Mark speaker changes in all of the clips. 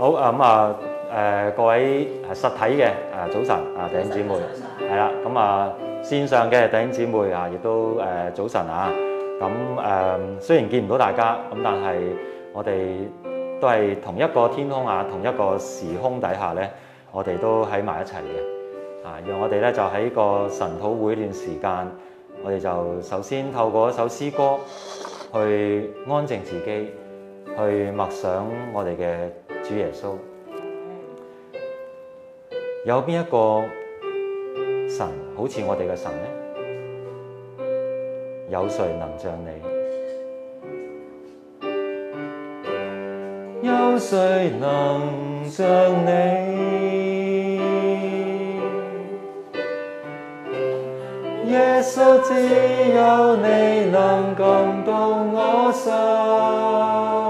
Speaker 1: 好、嗯呃、啊！咁啊，誒各位誒實體嘅誒早晨啊，弟兄姊妹，係啦晨。咁啊線上嘅弟兄姊妹啊，亦、啊、都誒、呃、早晨啊。咁、嗯、誒雖然見唔到大家，咁但係我哋都係同一個天空啊，同一個時空底下咧，我哋都喺埋一齊嘅啊。讓我哋咧就喺個晨禱會段時間，我哋就首先透過一首詩歌去安靜自己，去默想我哋嘅。主耶穌，有邊一個神好似我哋嘅神呢？有誰能像你？
Speaker 2: 有誰能像你？耶穌只有你能感動我心。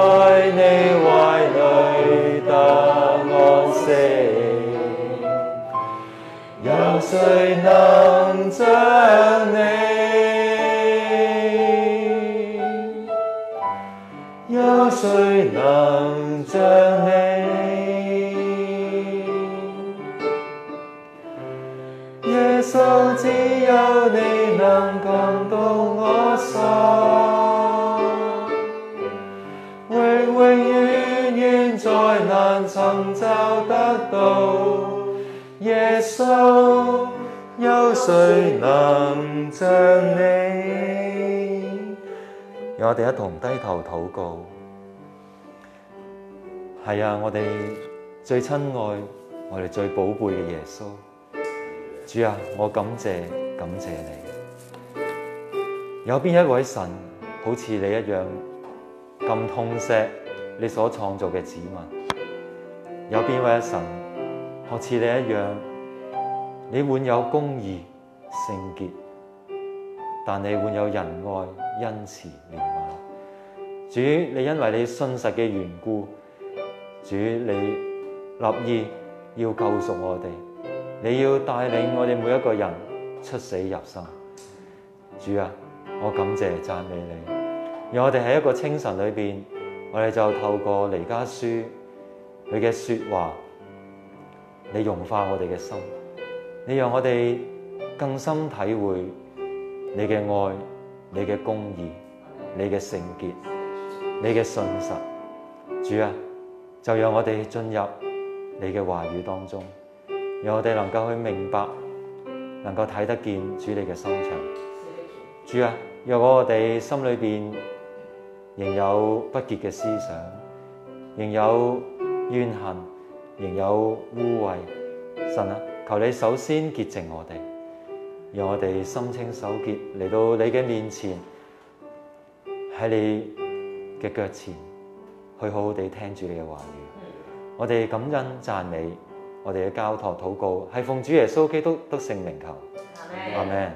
Speaker 2: 有誰能像你？有誰能像你？耶穌，只有你能感動我心。耶穌，有誰能像你？讓
Speaker 1: 我哋一同低頭禱告。係啊，我哋最親愛、我哋最寶貝嘅耶穌，主啊，我感謝感謝你。有邊一位神好似你一樣咁痛惜你所創造嘅子民？有邊位神？我似你一樣，你滿有公義、聖潔，但你滿有仁愛、恩慈、憐憫。主，你因為你信實嘅緣故，主，你立意要救贖我哋，你要帶領我哋每一個人出死入生。主啊，我感謝讚美你。而我哋喺一個清晨裏邊，我哋就透過彌迦書佢嘅說話。你融化我哋嘅心，你讓我哋更深體會你嘅愛、你嘅公義、你嘅聖潔、你嘅信實。主啊，就讓我哋進入你嘅話語當中，讓我哋能夠去明白，能夠睇得見主你嘅心腸。主啊，若果我哋心裏邊仍有不潔嘅思想，仍有怨恨，仍有污穢，神啊！求你首先潔淨我哋，讓我哋心清手潔，嚟到你嘅面前，喺你嘅腳前，去好好地聽住你嘅話語。嗯、我哋感恩讚美，我哋嘅交託禱告係奉主耶穌基督得聖名求，阿門 Amen。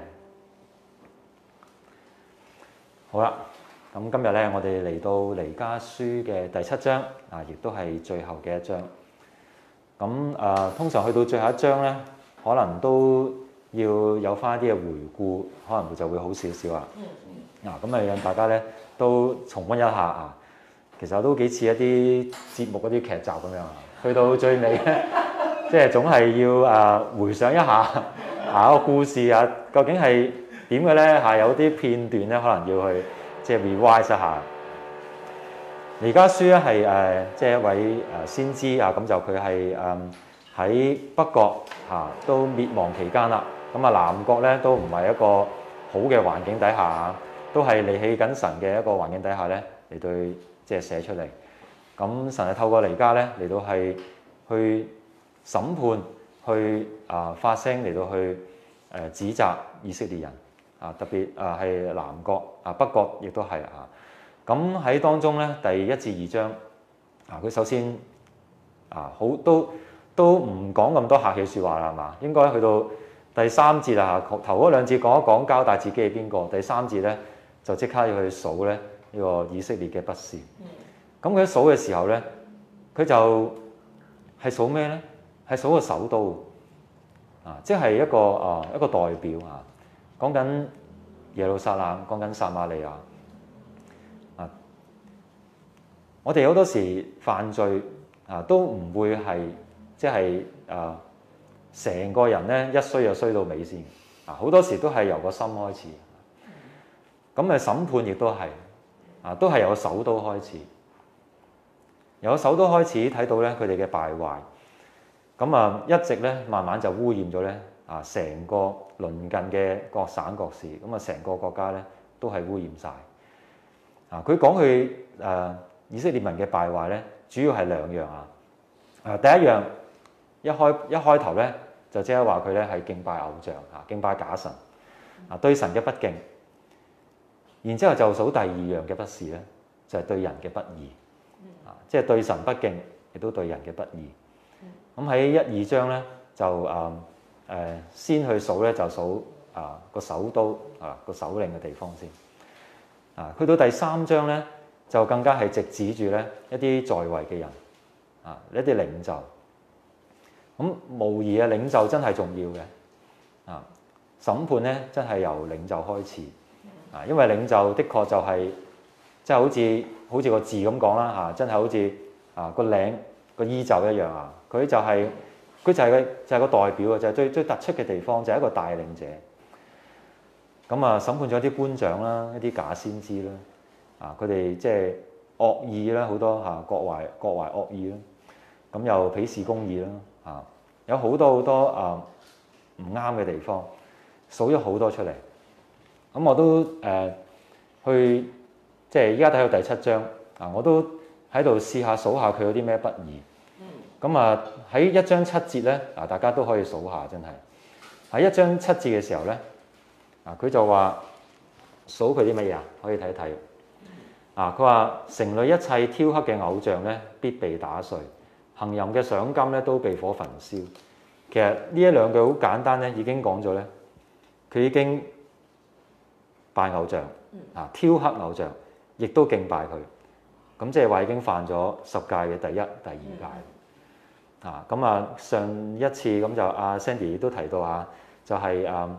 Speaker 1: 好啦，咁今日咧，我哋嚟到彌迦書嘅第七章啊，亦都係最後嘅一章。咁誒、啊，通常去到最後一章咧，可能都要有翻一啲嘅回顧，可能會就會好少少、嗯、啊。嗱，咁啊讓大家咧都重溫一下啊。其實我都幾似一啲節目嗰啲劇集咁樣，去到最尾咧， 即係總係要誒、啊、回想一下下個、啊、故事啊，究竟係點嘅咧？嚇、啊、有啲片段咧，可能要去即係 revise 下。彌迦書咧係誒，即係一位誒先知啊，咁就佢係誒喺北國嚇都滅亡期間啦，咁啊南國咧都唔係一個好嘅環境底下，都係離棄緊神嘅一個環境底下咧嚟到，即係寫出嚟。咁神係透過彌迦咧嚟到係去審判，去啊發聲嚟到去誒指責以色列人啊，特別誒係南國啊，北國亦都係啊。咁喺當中咧，第一至二章啊，佢首先啊，好都都唔講咁多客氣説話啦，係嘛？應該去到第三節啦嚇、啊，頭嗰兩節講一講、啊、交帶自己係邊個，第三節咧就即刻要去數咧呢、這個以色列嘅不是。咁佢、嗯、一數嘅時候咧，佢就係數咩咧？係數個首都啊，即係一個啊一個代表啊，講緊耶路撒冷，講緊撒瑪利亞。我哋好多時犯罪啊，都唔會係即係啊，呃、成個人咧一衰就衰到尾先啊。好多時都係由個心開始，咁嘅審判亦都係啊，都係由首都開始，由首都開始睇到咧佢哋嘅敗壞，咁啊一直咧慢慢就污染咗咧啊，成個鄰近嘅各省各市，咁啊成個國家咧都係污染晒。啊。佢講佢誒。呃以色列民嘅敗壞咧，主要係兩樣啊。啊，第一樣一開一開頭咧，就即係話佢咧係敬拜偶像嚇，敬拜假神啊，對神嘅不敬。然之後就數第二樣嘅不是，咧，就係、是、對人嘅不義啊，嗯、即係對神不敬，亦都對人嘅不義。咁喺、嗯、一二章咧，就誒誒、呃、先去數咧，就數啊個首都啊個首領嘅地方先啊，去到第三章咧。就更加係直指住咧一啲在位嘅人，啊一啲領袖，咁無疑嘅領袖真係重要嘅，啊審判咧真係由領袖開始，啊因為領袖的確就係即係好似好似個字咁講啦嚇，真係好似啊個領個衣袖一樣啊，佢就係、是、佢就係佢就係個代表啊，就係、是、最最突出嘅地方，就係、是、一個帶領者。咁啊審判咗一啲官長啦，一啲假先知啦。啊！佢哋即係惡意啦，好多嚇，各懷各懷惡意啦，咁、啊、又鄙視公義啦，嚇、啊、有好多好多啊唔啱嘅地方，數咗好多出嚟。咁我都誒去即係依家睇到第七章啊，我都喺度試下數下佢有啲咩不義。咁、嗯、啊，喺一章七節咧啊，大家都可以數下，真係喺一章七節嘅時候咧啊，佢就話數佢啲乜嘢啊？可以睇一睇。啊！佢話城內一切挑黑嘅偶像咧，必被打碎；行淫嘅賞金咧，都被火焚燒。其實呢一兩句好簡單咧，已經講咗咧，佢已經拜偶像啊，挑黑偶像，亦都敬拜佢。咁即係話已經犯咗十戒嘅第一、第二戒。啊！咁啊，上一次咁就阿 Sandy 都提到啊，就係、是、啊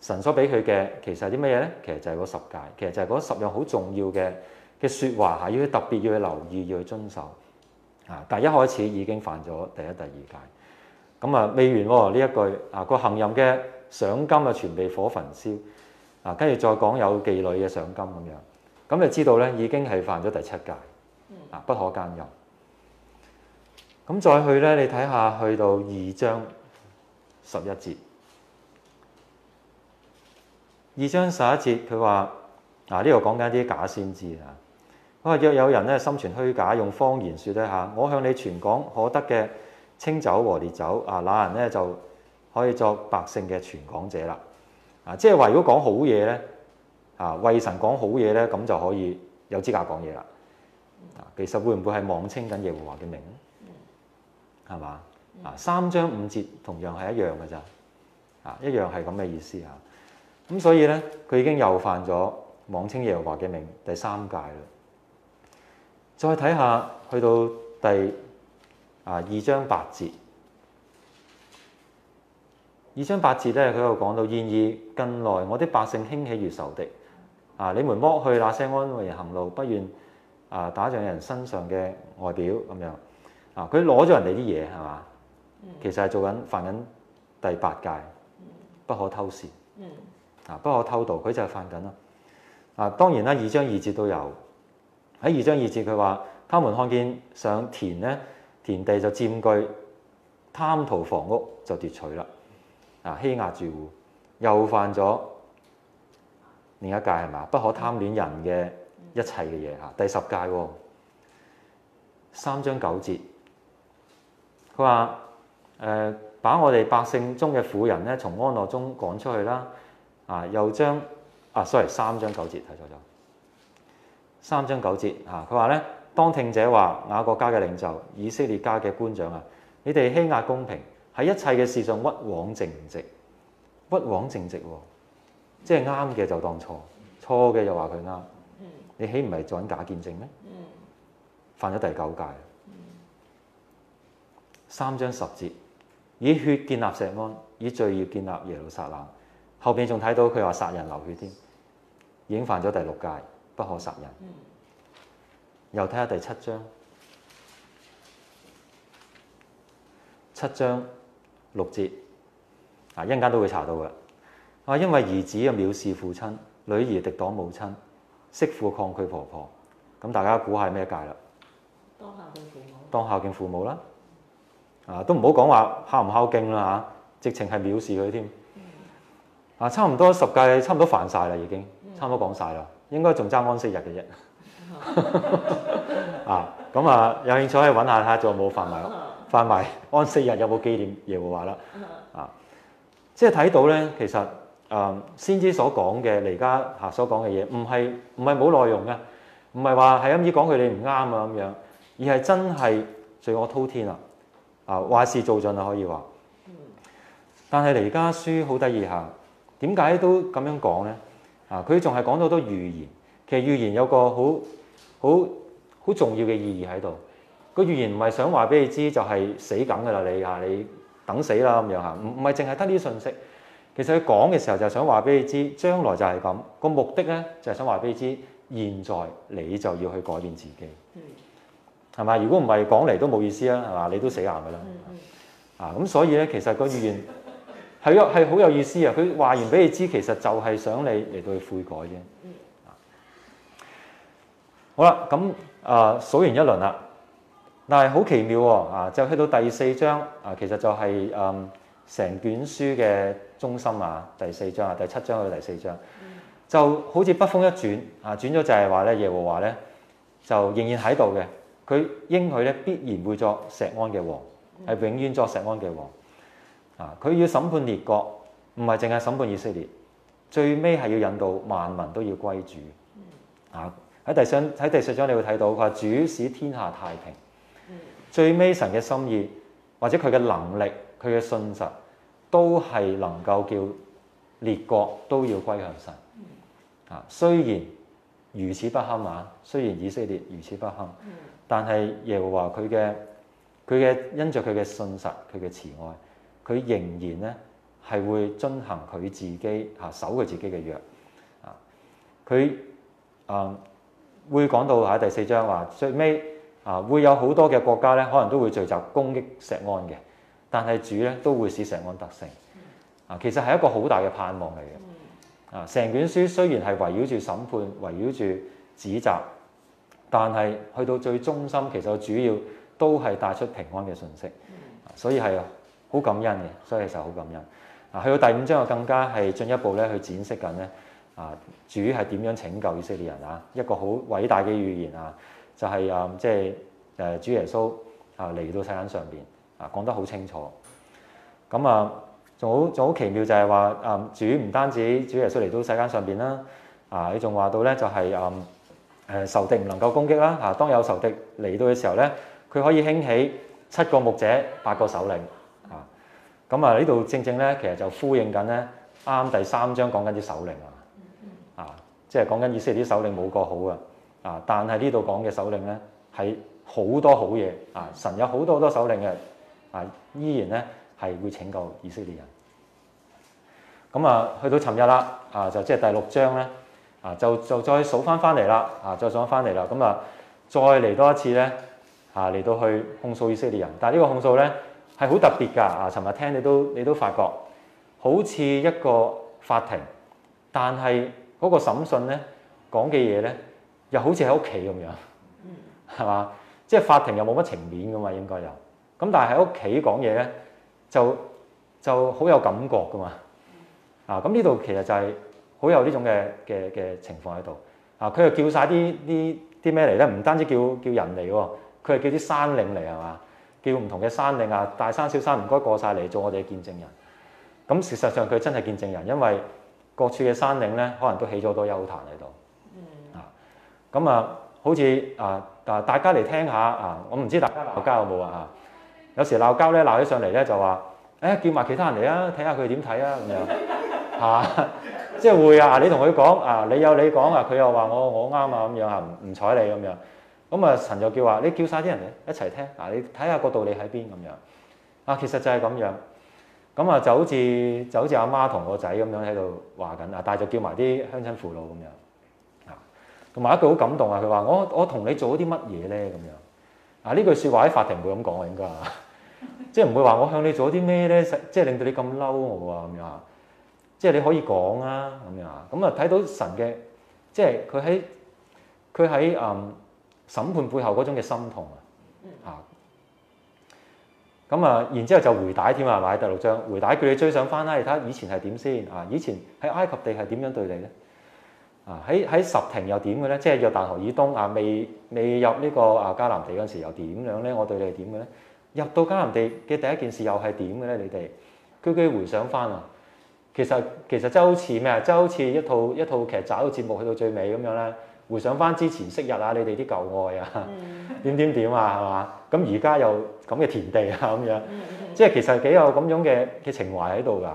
Speaker 1: 神所俾佢嘅，其實係啲乜嘢咧？其實就係嗰十戒，其實就係嗰十樣好重要嘅。嘅説話係要特別要去留意要去遵守啊！但係一開始已經犯咗第一、第二戒，咁啊，未完喎，呢一句啊，個行淫嘅賞金啊，全被火焚燒啊，跟住再講有妓女嘅賞金咁樣，咁就知道咧已經係犯咗第七戒、嗯、啊，不可姦淫。咁再去咧，你睇下去到二章十一節，二章十一節佢話啊，呢度講緊啲假先知啊。我話：若有人咧心存虛假，用方言説咧嚇，我向你傳講可得嘅清酒和烈酒啊，那人咧就可以作百姓嘅傳講者啦？啊，即係話如果講好嘢咧啊，為神講好嘢咧，咁就可以有資格講嘢啦。啊，其實會唔會係妄稱緊耶和華嘅名？係嘛、嗯？啊，三章五節同樣係一樣嘅咋啊，一樣係咁嘅意思啊。咁所以咧，佢已經又犯咗妄稱耶和華嘅名第三誡啦。再睇下去到第啊二章八節，二章八節呢，佢又講到，然而近來我啲百姓興起如仇敵啊！你們剝去那些安慰行路、不願啊打仗人身上嘅外表咁樣啊，佢攞咗人哋啲嘢係嘛？嗯、其實係做緊犯緊第八戒，不可偷事啊，不可偷盜，佢就係犯緊啦啊！當然啦，二章二節都有。喺二章二節，佢話：他們看見上田咧，田地就佔據，貪圖房屋就奪取啦，啊欺壓住戶，又犯咗另一戒係嘛？不可貪戀人嘅一切嘅嘢嚇。第十戒喎、哦，三章九節，佢話：誒、呃、把我哋百姓中嘅婦人咧，從安樂中趕出去啦，啊又將，啊 sorry 三章九節睇錯咗。三章九節，嚇佢話咧：當聽者話雅各家嘅領袖、以色列家嘅官長啊，你哋欺壓公平，喺一切嘅事上屈枉正直，屈枉正直喎、啊，即係啱嘅就當錯，錯嘅又話佢啱，你起唔係做緊假見證咩？犯咗第九誡。三章十節，以血建立錫安，以罪孽建立耶路撒冷，後邊仲睇到佢話殺人流血添，已經犯咗第六誡。不可殺人。嗯、又睇下第七章，七章六節啊！一陣間都會查到嘅。啊，因為兒子啊藐視父親，女兒敵擋母親，媳婦抗拒婆婆。咁、啊、大家估下咩誡啦？當孝敬
Speaker 3: 父母。
Speaker 1: 當孝敬父母啦。啊，都唔好講話孝唔孝敬啦吓，直情係藐視佢添。啊，嗯、啊差唔多十誡，差唔多煩晒啦，已經，差唔多講晒啦。嗯應該仲爭安息日嘅啫，啊咁啊，有興趣可以揾下睇下仲有冇範圍，範圍安息日有冇紀念耶和華啦，啊，即係睇到咧，其實誒先知所講嘅彌迦吓所講嘅嘢唔係唔係冇內容嘅，唔係話係咁意講佢你唔啱啊咁樣，而係真係罪惡滔天啦，啊壞事做盡啦可以話，但係彌迦書好得意吓，點解都咁樣講咧？啊！佢仲係講咗好多預言，其實預言有個好好好重要嘅意義喺度。個預言唔係想話俾你知就係死緊噶啦，你啊，你等死啦咁樣嚇。唔唔係淨係得呢啲信息。其實佢講嘅時候就係想話俾你知，將來就係咁。個目的咧就係想話俾你知，現在你就要去改變自己。係咪？如果唔係講嚟都冇意思啊，係嘛？你都死硬噶啦。啊，咁所以咧，其實個預言，係咯，係好有意思啊！佢話完俾你知，其實就係想你嚟到去悔改啫。啊、嗯。好啦，咁啊、呃、數完一輪啦。但係好奇妙喎、哦、啊！就去到第四章啊，其實就係、是、嗯成卷書嘅中心啊。第四章啊，第七章去到第四章，嗯、就好似北風一轉啊，轉咗就係話咧耶和華咧就仍然喺度嘅。佢應許咧必然會作錫安嘅王，係永遠作錫安嘅王。嗯嗯啊！佢要審判列國，唔係淨係審判以色列，最尾係要引導萬民都要歸主。啊！喺第上喺第四章，四章你會睇到佢話主使天下太平。嗯、最尾神嘅心意，或者佢嘅能力，佢嘅信實，都係能夠叫列國都要歸向神。啊！雖然如此不堪啊，雖然以色列如此不堪，嗯、但係耶和華佢嘅佢嘅因着，佢嘅信實，佢嘅慈愛。佢仍然咧係會遵行佢自己嚇守佢自己嘅約啊！佢誒、嗯、會講到喺第四章話最尾啊，會有好多嘅國家咧，可能都會聚集攻擊錫安嘅，但係主咧都會使錫安得勝啊！其實係一個好大嘅盼望嚟嘅啊！成卷書雖然係圍繞住審判、圍繞住指責，但係去到最中心，其實主要都係帶出平安嘅信息，啊，所以係。好感恩嘅，所以其實好感恩啊！去到第五章我更加係進一步咧去展示緊咧啊！主係點樣拯救以色列人啊？一個好偉大嘅預言啊！就係啊，即係誒主耶穌啊嚟到世間上邊啊，講得好清楚。咁啊，仲好仲好奇妙就係話啊，主唔單止主耶穌嚟到世間上邊啦啊，你仲話到咧就係啊誒仇敵唔能夠攻擊啦啊！當有仇敵嚟到嘅時候咧，佢可以興起七個牧者、八個首領。咁啊，呢度正正咧，其實就呼應緊咧，啱啱第三章講緊啲首領啊，嗯
Speaker 3: 嗯、
Speaker 1: 啊，即係講緊以色列啲首領冇個好啊，啊，但係呢度講嘅首領咧係好多好嘢啊，神有好多好多首領嘅啊，依然咧係會拯救以色列人。咁啊，去到尋日啦，啊，就即係第六章咧，啊，就就再數翻翻嚟啦，啊，再數翻翻嚟啦，咁啊，再嚟多一次咧，嚇、啊、嚟到去控訴以色列人，但係呢個控訴咧。係好特別㗎啊！尋日聽你都你都發覺，好似一個法庭，但係嗰個審訊咧講嘅嘢咧，又好似喺屋企咁樣，係嘛？即係法庭又冇乜情面㗎嘛，應該有。咁但係喺屋企講嘢咧，就就好有感覺㗎嘛。啊，咁呢度其實就係好有呢種嘅嘅嘅情況喺度。啊，佢又叫晒啲啲啲咩嚟咧？唔單止叫叫人嚟喎，佢係叫啲山嶺嚟係嘛？叫唔同嘅山嶺啊，大山小山唔該過晒嚟做我哋嘅見證人。咁事實上佢真係見證人，因為各處嘅山嶺咧，可能都起咗好多邱壇喺度。啊、嗯，咁啊，好似啊啊，大家嚟聽下啊，我唔知大家鬧交有冇啊？嚇，有時鬧交咧，鬧起上嚟咧就話，誒、哎、叫埋其他人嚟啊，睇下佢點睇啊咁樣。嚇， 即係會啊！你同佢講啊，你有你講啊，佢又話我我啱啊咁樣啊，唔唔睬你咁樣。咁啊！神就叫話你叫晒啲人嚟一齊聽嗱，你睇下個道理喺邊咁樣啊。其實就係咁樣咁啊，就好似就好似阿媽同個仔咁樣喺度話緊啊，但係就叫埋啲鄉親父老咁樣啊。同埋一句好感動啊，佢話我我同你做咗啲乜嘢咧咁樣啊？呢句説話喺法庭唔會咁講啊，應該即係唔會話我向你做啲咩咧，即係令到你咁嬲我啊咁樣啊。即係你可以講啊咁樣啊。咁啊，睇到神嘅即係佢喺佢喺嗯。審判背後嗰種嘅心痛啊！啊、嗯，咁啊，然之後就回帶添啊，係咪第六章回帶叫你追上翻啦？你睇以前係點先啊？以前喺埃及地係點樣對你咧？啊喺喺什亭又點嘅咧？即係約旦河以東啊，未未入呢、這個啊迦南地嗰陣時又點樣咧？我對你係點嘅咧？入到迦南地嘅第一件事又係點嘅咧？你哋句句回想翻啊！其實其實即係好似咩啊？即係好似一套，一套，一，套，一，套一套劇集一個節目去到最尾咁樣咧。回想翻之前昔日啊，你哋啲舊愛啊，點點點啊，係嘛？咁而家又咁嘅田地啊，咁樣，mm hmm. 即係其實幾有咁樣嘅嘅情懷喺度㗎。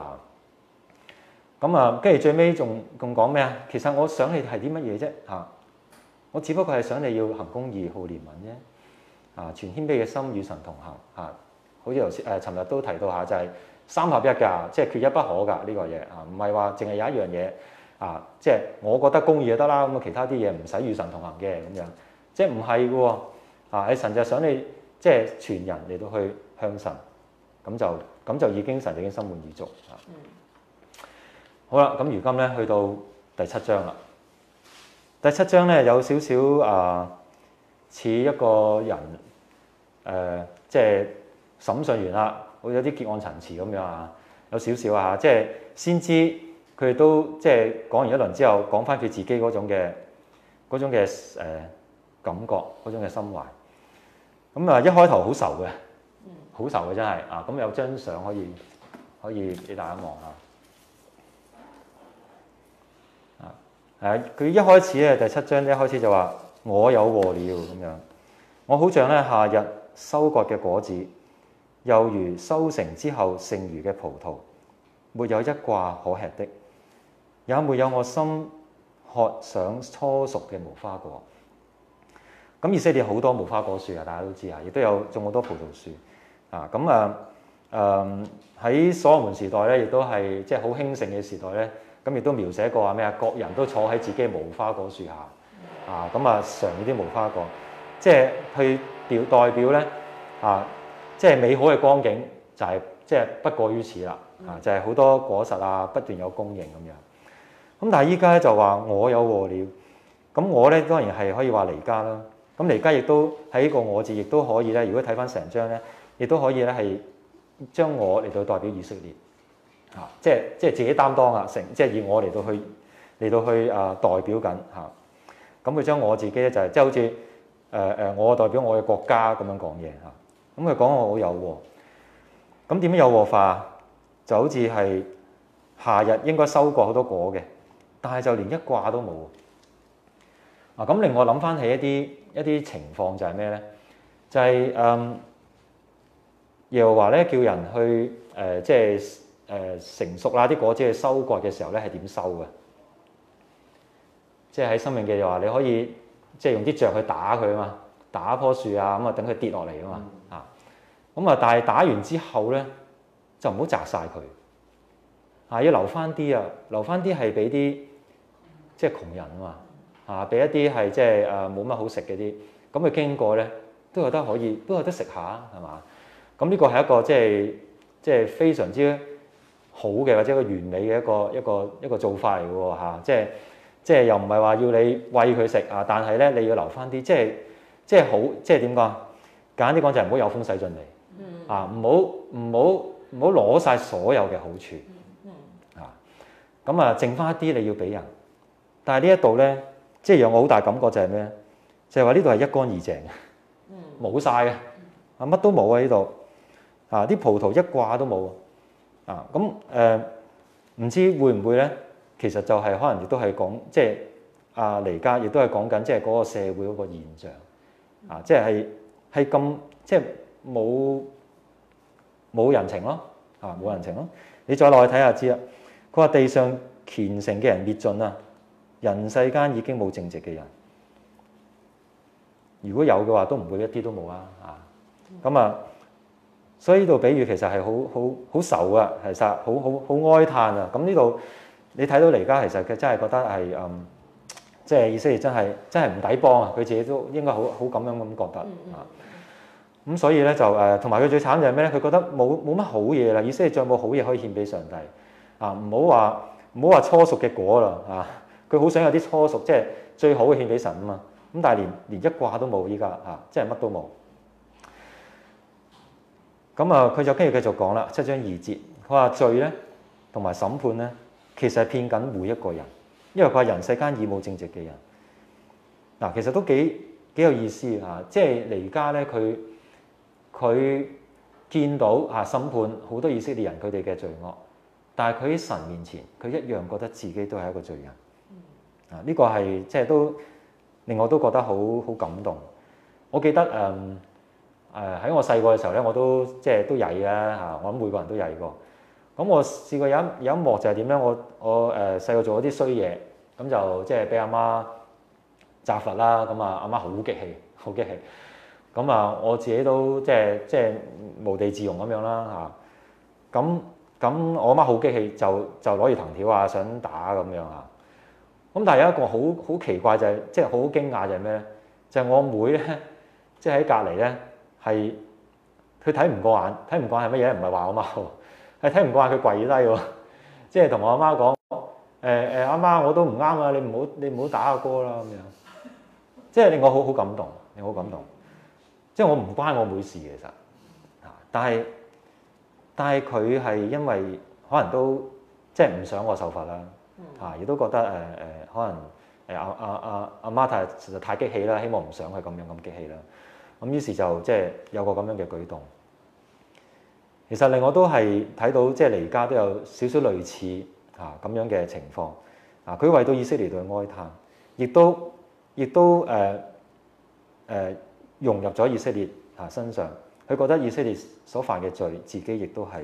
Speaker 1: 咁啊，跟住最尾仲咁講咩啊？其實我想起係啲乜嘢啫？嚇，我只不過係想你要行公義、好憐憫啫。啊，全謙卑嘅心與神同行。嚇，好似頭先誒尋日都提到下，就係三合一㗎，即係缺一不可㗎呢個嘢啊，唔係話淨係有一樣嘢。啊，即係我覺得公義就得啦，咁啊其他啲嘢唔使與神同行嘅，咁樣，即係唔係嘅喎，啊，神就想你即係全人你都去向神，咁就咁就已經神就已經心滿意足嚇。啊嗯、好啦，咁如今咧去到第七章啦，第七章咧有少少啊似一個人誒、呃，即係審訊員啦，會有啲結案陳詞咁樣啊，有少少啊，即係先知。佢哋都即係講完一輪之後，講翻佢自己嗰種嘅嗰種嘅誒感覺，嗰種嘅心懷。咁啊，一開頭好愁嘅，好愁嘅真係啊！咁有張相可以可以俾大家望下。啊，佢一，啊，一開始咧第七章一開始就話：「我有禍了」。咁樣，我好像咧夏日收割嘅果子，又如收成之後剩餘嘅葡萄，沒有一掛可吃的。有冇有我心渴想初熟嘅無花果？咁以色列好多無花果樹啊，大家都知啊，亦都有種好多葡萄樹。啊。咁啊，誒喺所羅門時代咧，亦都係即係好興盛嘅時代咧。咁亦都描寫過啊咩啊，各人都坐喺自己無花果樹下啊。咁啊，嘗呢啲無花果，即係去表代表咧啊，即係美好嘅光景就係即係不過於此啦。啊，就係好多果實啊，不斷有供應咁樣。咁但係依家咧就話我有禍了，咁我咧當然係可以話離家啦。咁離家亦都喺個我字，亦都可以咧。如果睇翻成張咧，亦都可以咧係將我嚟到代表以色列嚇、啊，即係即係自己擔當啊，成即係以我嚟到去嚟到去啊代表緊嚇。咁佢將我自己咧就係、是、即係好似誒誒我代表我嘅國家咁樣講嘢嚇。咁佢講我好有禍，咁點樣有禍法？就好似係夏日應該收割好多果嘅。但係就連一卦都冇啊！咁令我諗翻起一啲一啲情況就係咩咧？就係、是、嗯，又話咧叫人去誒，即係誒成熟啦啲果子去收割嘅時候咧，係點收嘅？即係喺《申命記》又話你可以即係、就是、用啲雀去打佢啊嘛，打棵樹啊咁啊，等佢跌落嚟啊嘛啊！咁啊，但係打完之後咧就唔好摘晒佢啊，要留翻啲啊，留翻啲係俾啲。即係窮人啊嘛，嚇、啊、俾一啲係即係誒冇乜好食嗰啲，咁佢經過咧都覺得可以，都覺得食下係嘛？咁呢個係一個即係即係非常之好嘅或者一個完美嘅一個一個一個做法嚟嘅喎，即係即係又唔係話要你餵佢食啊，但係咧你要留翻啲，即係即係好即係點講？簡單啲講就係唔好有風使盡嚟，嗯、啊唔好唔好唔好攞晒所有嘅好處，嚇咁、嗯嗯、啊剩翻一啲你要俾人。但係呢一度咧，即係讓我好大感覺就係咩咧？就係話呢度係一乾二淨嘅，冇晒嘅啊，乜都冇啊！呢度啊，啲葡萄一掛都冇啊。咁、嗯、誒，唔知會唔會咧？其實就係可能亦都係講即係啊離家，亦都係講緊即係嗰個社會嗰個現象啊，即係係咁即係冇冇人情咯啊，冇人情咯。你再落去睇下知啦。佢話地上虔誠嘅人滅盡啦。人世間已經冇正直嘅人，如果有嘅話，都唔會一啲都冇啊！啊，咁啊，所以呢度比喻其實係好好好愁啊，其實好好好哀嘆啊！咁呢度你睇到而家，其實佢真係覺得係嗯，即係意思係真係真係唔抵幫啊！佢自己都應該好好咁樣咁覺得啊。咁所以咧就誒，同埋佢最慘就係咩咧？佢覺得冇冇乜好嘢啦，意思係再冇好嘢可以獻俾上帝啊！唔好話唔好話初熟嘅果啦啊！佢好想有啲初熟，即係最好嘅獻俾神啊嘛。咁但係連連一卦都冇，依家啊，即係乜都冇。咁啊，佢就跟住繼續講啦，七章二節，佢話罪咧同埋審判咧，其實係騙緊每一個人，因為佢話人世間已冇正直嘅人嗱。啊，其實都幾幾有意思啊，即係嚟家咧，佢佢見到啊審判好多以色列人佢哋嘅罪惡，但係佢喺神面前，佢一樣覺得自己都係一個罪人。呢個係即係都令我都覺得好好感動。我記得誒誒喺我細個嘅時候咧，我都即係都曳嘅嚇。我諗每個人都曳過。咁我試過有一有一幕就係點咧？我我誒細個做咗啲衰嘢，咁就即係俾阿媽責罰啦。咁啊，阿媽好激氣，好激氣。咁啊，我自己都即係即係無地自容咁樣啦嚇。咁咁我阿媽好激氣，就就攞住藤條啊，想打咁樣啊。咁但係有一個好好奇怪就係，即係好驚訝就係咩咧？就係我妹咧，即係喺隔離咧，係佢睇唔過眼，睇唔慣係乜嘢，唔係話我媽喎，係睇唔慣佢跪低喎，即係同我阿媽講：誒誒，阿媽我都唔啱啊，你唔好你唔好打阿哥啦咁樣。即係令我好好感動，你好感動。即係我唔關我妹事其實，嚇！但係但係佢係因為可能都即係唔想我受罰啦。啊！亦都覺得誒誒、呃呃，可能誒阿阿阿阿媽太實在太激氣啦，希望唔想佢咁樣咁激氣啦。咁於是就即係有個咁樣嘅舉動。其實令我都係睇到即係離家都有少少類似嚇咁樣嘅情況。啊！佢、啊、為到以色列度哀嘆，亦都亦都誒誒、呃呃、融入咗以色列嚇身上。佢覺得以色列所犯嘅罪，自己亦都係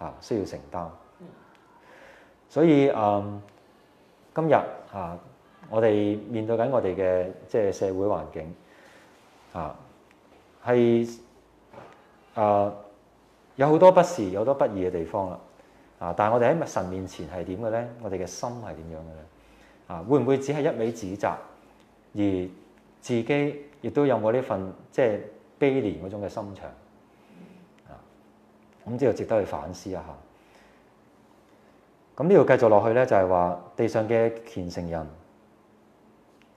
Speaker 1: 嚇需要承擔。所以嗯，今日啊，我哋面對緊我哋嘅即係社會環境啊，係啊有好多不時、有好多不義嘅地方啦啊！但係我哋喺神面前係點嘅咧？我哋嘅心係點樣嘅咧？啊，會唔會只係一味指責，而自己亦都有冇呢份即係悲憐嗰種嘅心腸啊？咁呢個值得去反思一下。咁呢度繼續落去咧，就係話地上嘅虔誠人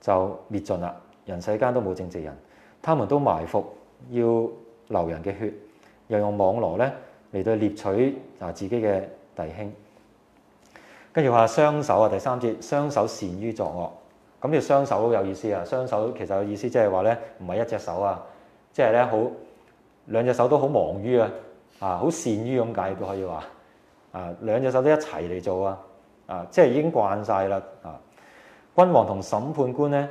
Speaker 1: 就滅盡啦，人世間都冇正直人，他們都埋伏要流人嘅血，又用網羅咧嚟對獵取啊自己嘅弟兄。跟住話雙手啊，第三節雙手善於作惡。咁呢個雙手好有意思啊，雙手其實有意思即係話咧，唔係一隻手啊，即係咧好兩隻手都好忙於啊啊，好善於咁解都可以話。啊，兩隻手都一齊嚟做啊！啊，即係已經慣晒啦啊！君王同審判官咧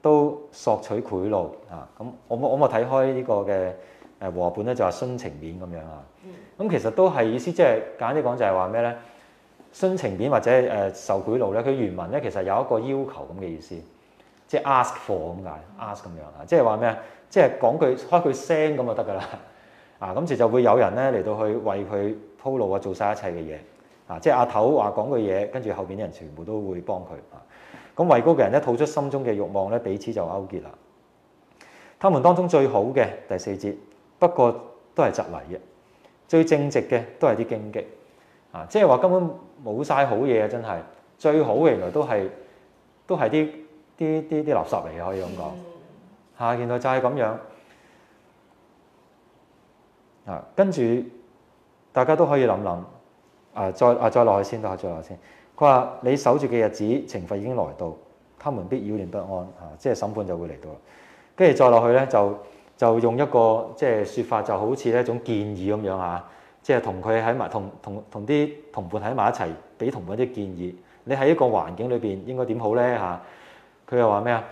Speaker 1: 都索取賄賂啊！咁我我我睇開呢個嘅誒和本咧就係徇情面咁樣啊！咁、嗯、其實都係意思即係、就是、簡單啲講就係話咩咧？徇情面或者誒受賄賂咧，佢原文咧其實有一個要求咁嘅意思，即係 ask for 咁解 ask 咁樣啊、嗯！即係話咩啊？即係講句開句聲咁就得㗎啦！啊，咁時就會有人咧嚟到去為佢。鋪路啊，做晒一切嘅嘢啊！即係阿頭句話講嘅嘢，跟住後邊啲人全部都會幫佢啊！咁位高嘅人咧，吐出心中嘅慾望咧，彼此就勾結啦。他們當中最好嘅第四節，不過都係蒺藜嘅，最正直嘅都係啲荊棘啊！即係話根本冇晒好嘢啊！真係最好嘅原來都係都係啲啲啲啲垃圾嚟嘅，可以咁講吓。原來就係咁樣啊！跟住。大家都可以諗諗，啊，再啊，再落去先，再落去先。佢話：你守住嘅日子，懲罰已經來到，他們必擾亂不安啊！即係審判就會嚟到啦。跟住再落去咧，就就用一個即係説法，就，是、法就好似一種建議咁樣啊！即係同佢喺埋同同同啲同伴喺埋一齊，俾同伴啲建議。你喺一個環境裏邊應該點好咧？嚇，佢又話咩啊？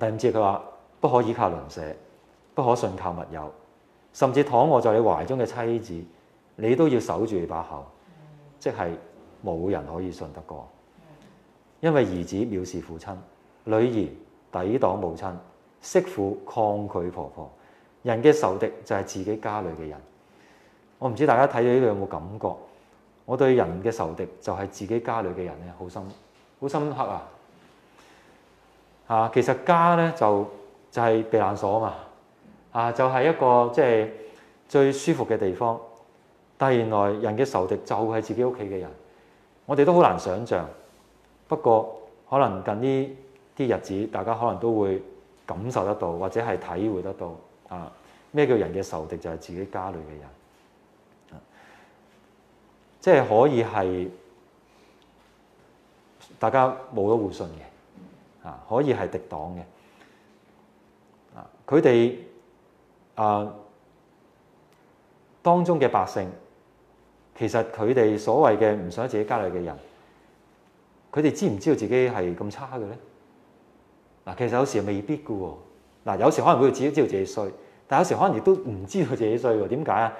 Speaker 1: 第五節佢話：不可倚靠鄰舍，不可信靠密友，甚至躺臥在你懷中嘅妻子。你都要守住你把口，即係冇人可以信得過。因為兒子藐視父親，女兒抵擋母親，媳婦抗拒婆婆。人嘅仇敵就係自己家裏嘅人。我唔知大家睇到呢度有冇感覺？我對人嘅仇敵就係自己家裏嘅人咧，好深、好深刻啊！啊，其實家咧就就係、是、避難所啊嘛，啊就係、是、一個即係、就是、最舒服嘅地方。但原來人嘅仇敵就係自己屋企嘅人，我哋都好難想像。不過可能近呢啲日子，大家可能都會感受得到，或者係體會得到啊，咩叫人嘅仇敵就係自己家裏嘅人，啊，即係可以係大家冇咗互信嘅，啊，可以係敵黨嘅，啊，佢哋啊當中嘅百姓。其實佢哋所謂嘅唔想自己家裏嘅人，佢哋知唔知道自己係咁差嘅咧？嗱，其實有時未必㗎喎。嗱，有時可能會自己知道自己衰，但有時可能亦都唔知道自己衰喎。點解啊？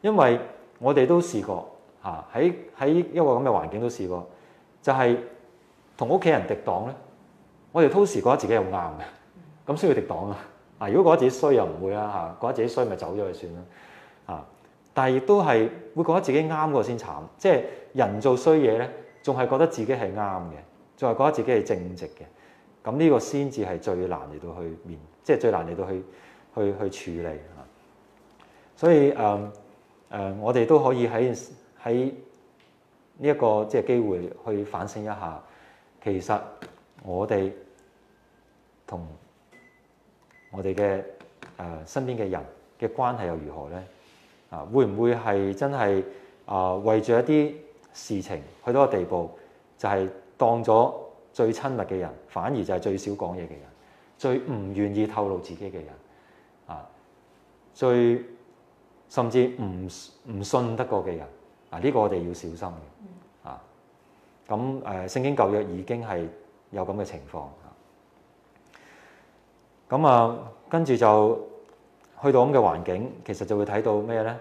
Speaker 1: 因為我哋都試過嚇，喺喺一個咁嘅環境都試過，就係同屋企人敵擋咧。我哋當時覺得自己又啱嘅，咁先會敵擋啊。啊，如果覺得自己衰又唔會啦嚇，覺得自己衰咪走咗佢算啦啊。但係亦都係會覺得自己啱過先慘，即係人做衰嘢咧，仲係覺得自己係啱嘅，仲係覺得自己係正直嘅。咁呢個先至係最難嚟到去面，即係最難嚟到去去去處理啊。所以誒誒，我哋都可以喺喺呢一個即係機會去反省一下，其實我哋同我哋嘅誒身邊嘅人嘅關係又如何咧？啊，會唔會係真係啊？為住一啲事情去到個地步，就係當咗最親密嘅人，反而就係最少講嘢嘅人，最唔願意透露自己嘅人，啊，最甚至唔唔信得過嘅人啊，呢個我哋要小心啊，咁誒，聖經舊約已經係有咁嘅情況。咁啊，跟住就。去到咁嘅環境，其實就會睇到咩咧？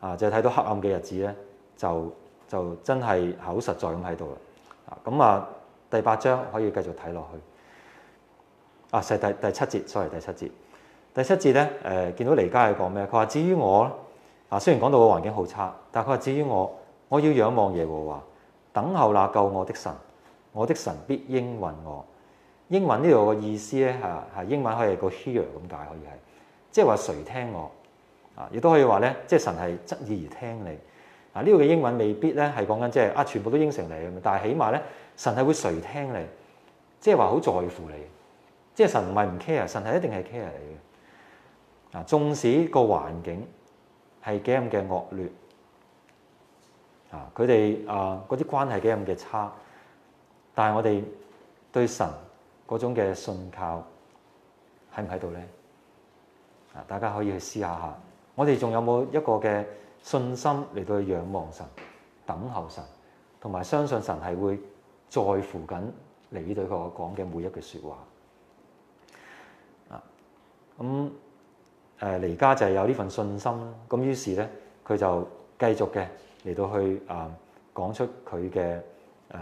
Speaker 1: 啊，就係睇到黑暗嘅日子咧，就就真係好實在咁喺度啦。咁啊，第八章可以繼續睇落去。啊，實係第第七節，sorry，第七節。第七節咧，誒、呃、見到彌迦係講咩？佢話：至於我啊雖然講到個環境好差，但係佢話：至於我，我要仰望耶和華，等候那救我的神，我的神必應允我。英文呢度嘅意思咧，係、啊、係英文可以係個 hear 咁解，可以係。即係話誰聽我啊？亦都可以話咧，即係神係執意而聽你啊！呢個嘅英文未必咧係講緊即係啊，全部都應承你咁。但係起碼咧，神係會誰聽你？即係話好在乎你。即係神唔係唔 care，神係一定係 care 你嘅啊！縱使個環境係幾咁嘅惡劣啊，佢哋啊嗰啲關係幾咁嘅差，但係我哋對神嗰種嘅信靠喺唔喺度咧？大家可以去試下下，我哋仲有冇一個嘅信心嚟到去仰望神、等候神，同埋相信神係會在乎緊你對佢講嘅每一句説話。啊、嗯，咁誒而家就係有呢份信心啦。咁於是咧，佢就繼續嘅嚟到去啊講出佢嘅誒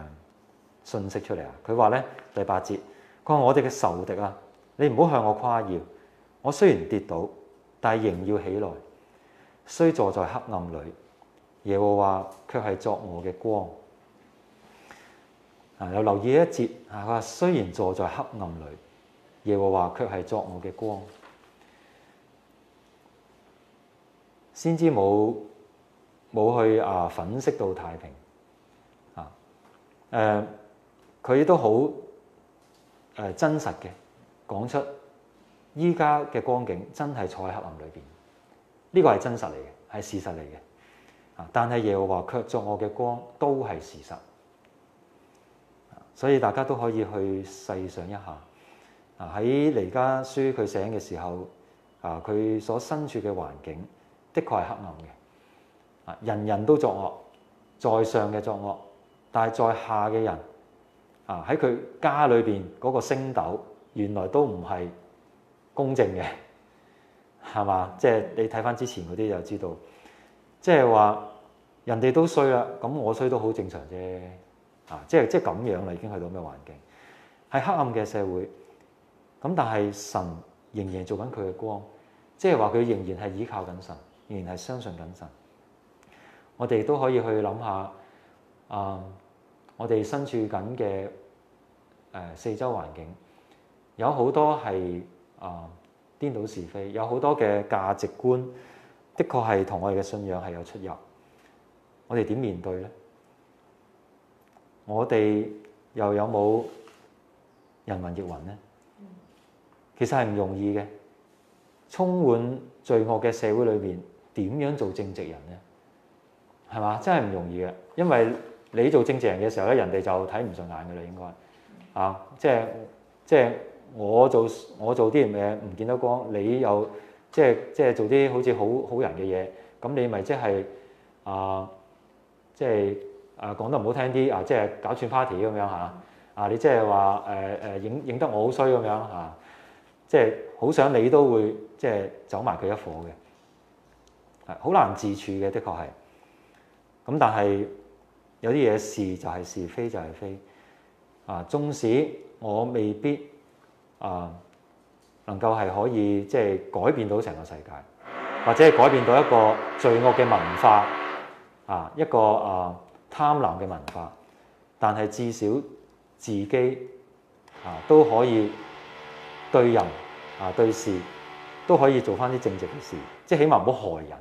Speaker 1: 信息出嚟啊。佢話咧第八節，佢話我哋嘅仇敵啊，你唔好向我誇耀。我雖然跌倒，但係仍要起來。雖坐在黑暗裏，耶和華卻係作我嘅光。啊，有留意一節啊，佢話：雖然坐在黑暗裏，耶和華卻係作我嘅光。先知冇冇去啊粉飾到太平啊？誒、呃，佢都好誒、呃、真實嘅講出。依家嘅光景真係坐喺黑暗裏邊，呢個係真實嚟嘅，係事實嚟嘅啊。但係耶和華卻作我嘅光都係事實，所以大家都可以去細想一下啊。喺彌迦書佢寫嘅時候啊，佢所身處嘅環境的確係黑暗嘅啊。人人都作惡，在上嘅作惡，但係在下嘅人啊，喺佢家裏邊嗰個星斗原來都唔係。公正嘅係嘛？即係你睇返之前嗰啲就知道，即係話人哋都衰啦，咁我衰都好正常啫。啊，即係即係咁樣啦，已經去到咩環境？係黑暗嘅社會咁，但係神仍然做緊佢嘅光，即係話佢仍然係依靠緊神，仍然係相信緊神。我哋都可以去諗下啊，我哋身處緊嘅誒四周環境，有好多係。啊！uh, 顛倒是非，有好多嘅價值觀的確係同我哋嘅信仰係有出入。我哋點面對咧？我哋又有冇人云亦云咧？其實，係唔容易嘅。充滿罪惡嘅社會裏面，點樣做正直人咧？係嘛？真係唔容易嘅，因為你做正直人嘅時候咧，人哋就睇唔順眼嘅啦。應該啊。uh, 即係。即係。我做我做啲嘢唔見得光，你又即係即係做啲好似好好人嘅嘢，咁你咪、即係呃、即係啊，啊，即係啊講、呃、得唔好聽啲啊，即係搞串 party 咁樣嚇啊！你即係話誒誒，影影得我好衰咁樣啊，即係好想你都會即係走埋佢一伙嘅，係好難自處嘅，的確係咁。但係有啲嘢是就係是非就係非啊，縱使我未必。啊，uh, 能夠係可以即係，就是、改變到成個世界，或者係改變到一個罪惡嘅文化啊，uh, 一個啊貪婪嘅文化，但係至少自己啊、uh, 都可以對人啊、uh, 對事都可以做翻啲正直嘅事，即係起碼唔好害人，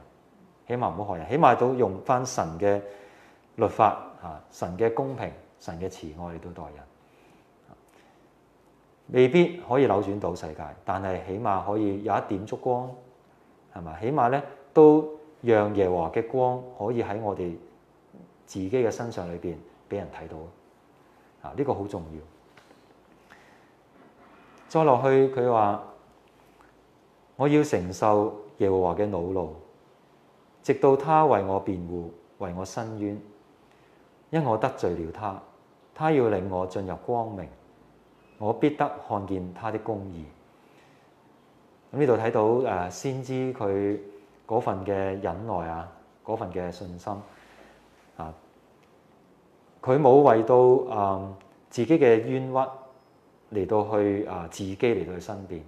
Speaker 1: 起碼唔好害人，起碼都用翻神嘅律法啊，uh, 神嘅公平、神嘅慈愛嚟到待人。未必可以扭轉到世界，但係起碼可以有一點燭光，係嘛？起碼咧都讓耶和華嘅光可以喺我哋自己嘅身上裏邊俾人睇到啊！呢個好重要。再落去佢話：我要承受耶和華嘅惱怒，直到他為我辯護，為我伸冤，因我得罪了他。他要令我進入光明。我必得看見他的公義。咁呢度睇到誒、呃，先知佢嗰份嘅忍耐啊，嗰份嘅信心啊，佢冇為到誒自己嘅冤屈嚟到去啊，自己嚟到去申辯，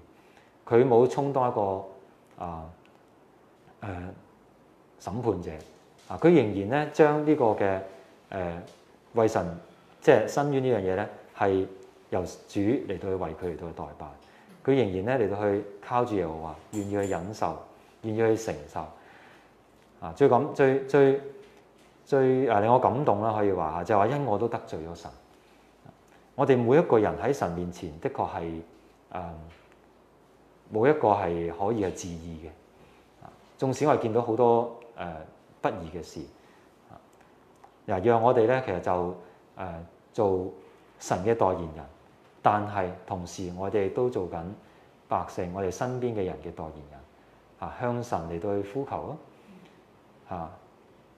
Speaker 1: 佢冇充當一個啊誒呃、審判者啊，佢仍然咧將呢個嘅誒為神即係申冤呢樣嘢咧係。由主嚟到去為佢嚟到去代辦，佢仍然咧嚟到去靠住耶和華願意去忍受，願意去承受。啊，最感最最最誒令我感動啦，可以話下就係話因我都得罪咗神。我哋每一個人喺神面前的確係誒冇一個係可以係自義嘅。縱使我哋見到好多誒、呃、不義嘅事，啊嗱，讓我哋咧其實就誒、呃、做神嘅代言人。但係，同時我哋都做緊百姓，我哋身邊嘅人嘅代言人啊，向神嚟到去呼求咯，啊，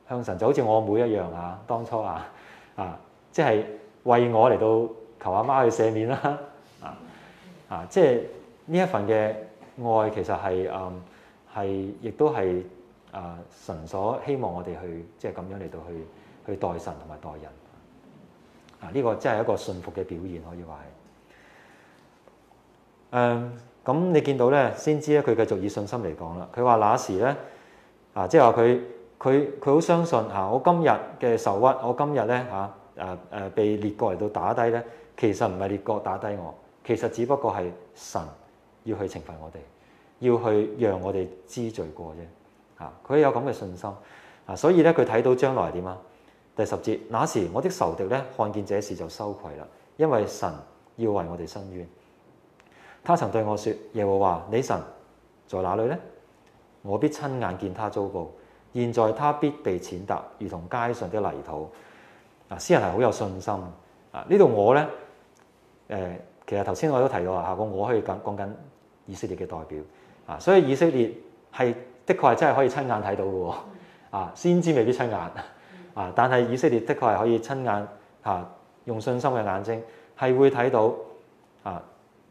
Speaker 1: 向神就好似我妹一樣啊，當初啊啊，即係為我嚟到求阿媽去赦免啦，啊啊，即係呢一份嘅愛其實係嗯係亦都係啊神所希望我哋去即係咁樣嚟到去去待神同埋待人啊，呢、這個即係一個信服嘅表現可以話係。誒咁、嗯、你見到咧，先知咧佢繼續以信心嚟講啦。佢話那時咧啊，即係話佢佢佢好相信嚇、啊。我今日嘅受屈，我今日咧嚇誒誒被列國嚟到打低咧，其實唔係列國打低我，其實只不過係神要去懲罰我哋，要去讓我哋知罪過啫嚇。佢、啊、有咁嘅信心啊，所以咧佢睇到將來點啊？第十節，那時我的仇敵咧，看見這事就羞愧啦，因為神要為我哋申冤。他曾對我說：耶和華，你神在哪裏呢？我必親眼見他遭報。現在他必被踐踏，如同街上的泥土。啊，詩人係好有信心啊！呢度我呢，誒、呃，其實頭先我都提到話，嚇，我可以講講緊以色列嘅代表啊，所以以色列係的確係真係可以親眼睇到嘅喎。啊，先知未必親眼啊，但係以色列的確係可以親眼嚇、啊、用信心嘅眼睛係會睇到啊。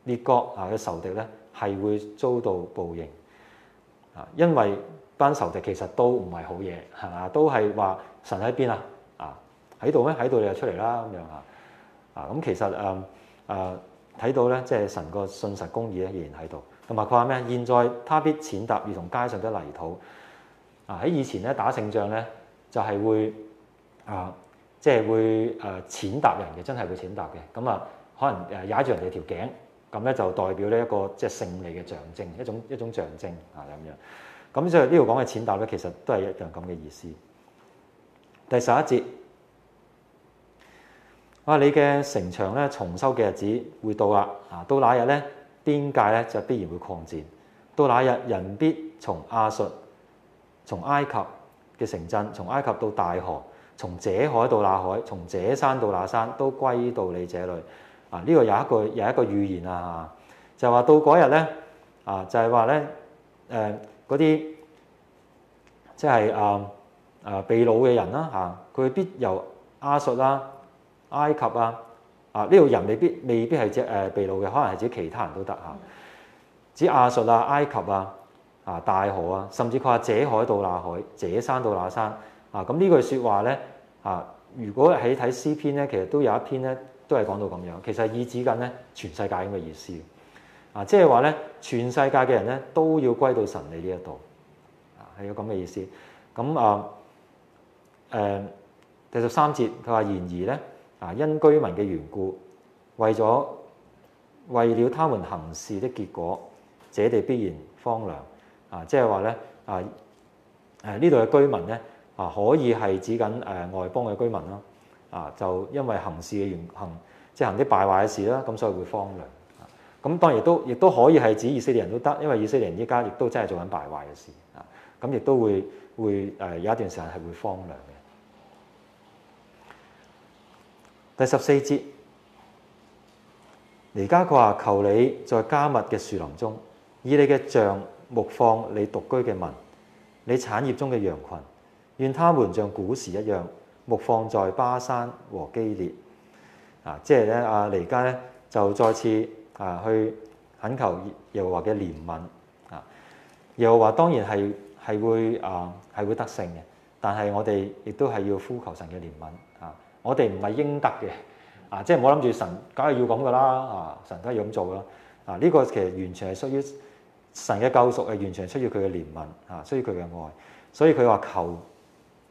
Speaker 1: 列國啊嘅仇敵咧，係會遭到報應啊！因為班仇敵其實都唔係好嘢，係嘛？都係話神喺邊啊，啊，啊？啊喺度咩？喺度你就出嚟啦咁樣啊！啊咁其實誒誒睇到咧，即係神個信實公義依然喺度，同埋佢話咩？現在他必踐踏如同街上的泥土啊！喺以前咧打勝仗咧，就係、是、會、啊,、就是、會啊，即係會誒、啊、踐踏人嘅，真係會踐踏嘅。咁啊，可能誒踩住人哋條頸，頸。咁咧就代表呢一個即係勝利嘅象徵，一種一種象徵啊咁樣。咁所以呢度講嘅踐踏咧，其實都係一樣咁嘅意思。第十一節，啊，你嘅城牆咧重修嘅日子會到啦。啊，到那日咧，邊界咧就必然會擴展。到那日，人必從亞述、從埃及嘅城鎮，從埃及到大河，從這海到那海，從這山到那山，都歸到你這裏。啊！呢，這個有一個有一個預言啊，就話到嗰日咧，啊就係話咧，誒嗰啲即係誒誒秘魯嘅人啦嚇，佢必由亞述啦、埃及啊、啊呢度人未必未必係只誒秘魯嘅，可能係指其他人都得嚇，指亞述啊、埃及啊、啊、這個、啊，啊，啊，啊大河啊，甚至佢話這海到那海，這山到那山啊！咁，啊、呢句説話咧啊，如果喺睇詩篇咧，其實都有一篇咧。都係講到咁樣，其實係指緊咧全世界咁嘅意思，啊，即係話咧全世界嘅人咧都要歸到神理呢一度，啊，係有咁嘅意思。咁啊，誒第十三節佢話，然而咧啊，因居民嘅緣故，為咗為了他們行事的結果，這地必然荒涼。啊，即係話咧啊誒呢度嘅居民咧啊可以係指緊誒、呃、外邦嘅居民啦。啊啊！就因為行事嘅行，即行啲敗壞嘅事啦，咁所以會荒涼。咁當然都亦都可以係指以色列人都得，因為以色列人依家亦都真係做緊敗壞嘅事。啊！咁亦都會會誒、呃、有一段時間係會荒涼嘅。第十四節，而家佢話：求你在迦密嘅樹林中，以你嘅杖牧放你獨居嘅民，你產業中嘅羊群，願他們像古時一樣。目放在巴山和基列啊，即係咧阿尼家咧就再次啊去懇求，耶和華嘅憐憫啊，耶和華、啊、當然係係會啊係會得勝嘅，但係我哋亦都係要呼求神嘅憐憫啊，我哋唔係應得嘅啊，即係唔好諗住神梗係要咁噶啦啊，神都要咁做咯啊，呢、啊這個其實完全係屬於神嘅救贖，係完全需要佢嘅憐憫啊，需要佢嘅愛，所以佢話求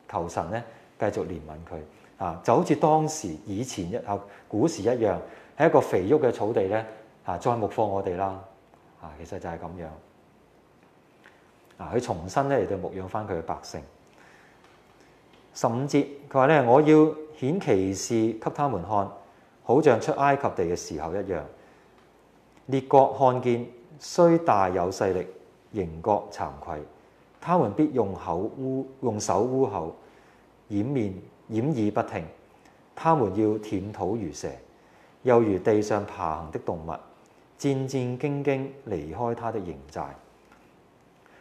Speaker 1: 求神咧。繼續憐憫佢啊，就好似當時以前一口古時一樣，係一個肥沃嘅草地咧啊，再牧放我哋啦啊，其實就係咁樣啊。佢重新咧嚟到牧養翻佢嘅百姓。十五節，佢話咧：我要顯奇事給他們看，好像出埃及地嘅時候一樣。列國看見雖大有勢力，仍覺慚愧，他們必用口捂，用手捂口。掩面掩耳不聽，他們要舔土如蛇，又如地上爬行的動物，戰戰兢兢離開他的營寨。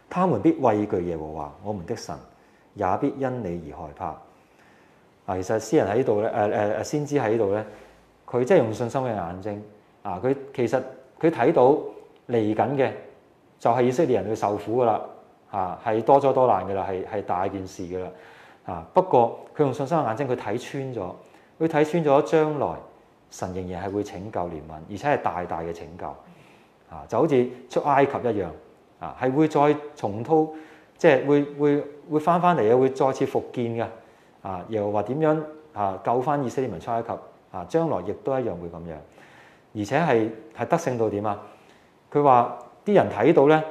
Speaker 1: 他們必畏懼耶和華我們的神，也必因你而害怕。啊，啊，啊，其實詩人喺呢度咧，誒誒誒，先知喺呢度咧，佢即係用信心嘅眼睛啊，佢其實佢睇到嚟緊嘅就係以色列人去受苦㗎啦，嚇、啊、係多災多難㗎啦，係係大件事㗎啦。啊！不過佢用信心嘅眼睛，佢睇穿咗，佢睇穿咗將來神仍然係會拯救憐憫，而且係大大嘅拯救啊！就好似出埃及一樣啊，係會再重蹈，即係會會會翻翻嚟又會再次復建嘅啊！又話點樣啊？救翻以色列民出埃及啊！將來亦都一樣會咁樣，而且係係得勝到點啊？佢話啲人睇到咧，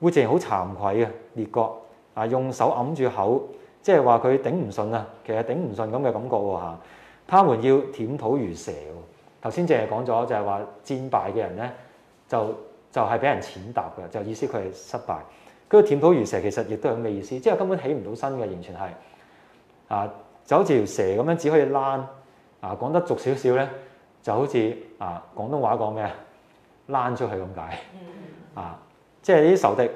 Speaker 1: 會淨係好慚愧啊！列國啊，用手揞住口。即係話佢頂唔順啊，其實頂唔順咁嘅感覺喎、啊、嚇，他們要舔土如蛇、啊。頭先淨係講咗就係話戰敗嘅人咧，就就係、是、俾人踐踏嘅，就意思佢係失敗。跟住舔土如蛇其實亦都係咁嘅意思，即、就、係、是、根本起唔到身嘅，完全係啊，就好似條蛇咁樣只可以躝啊，講得俗少少咧，就好似啊廣東話講咩啊，躝出去咁解啊，即係啲仇敵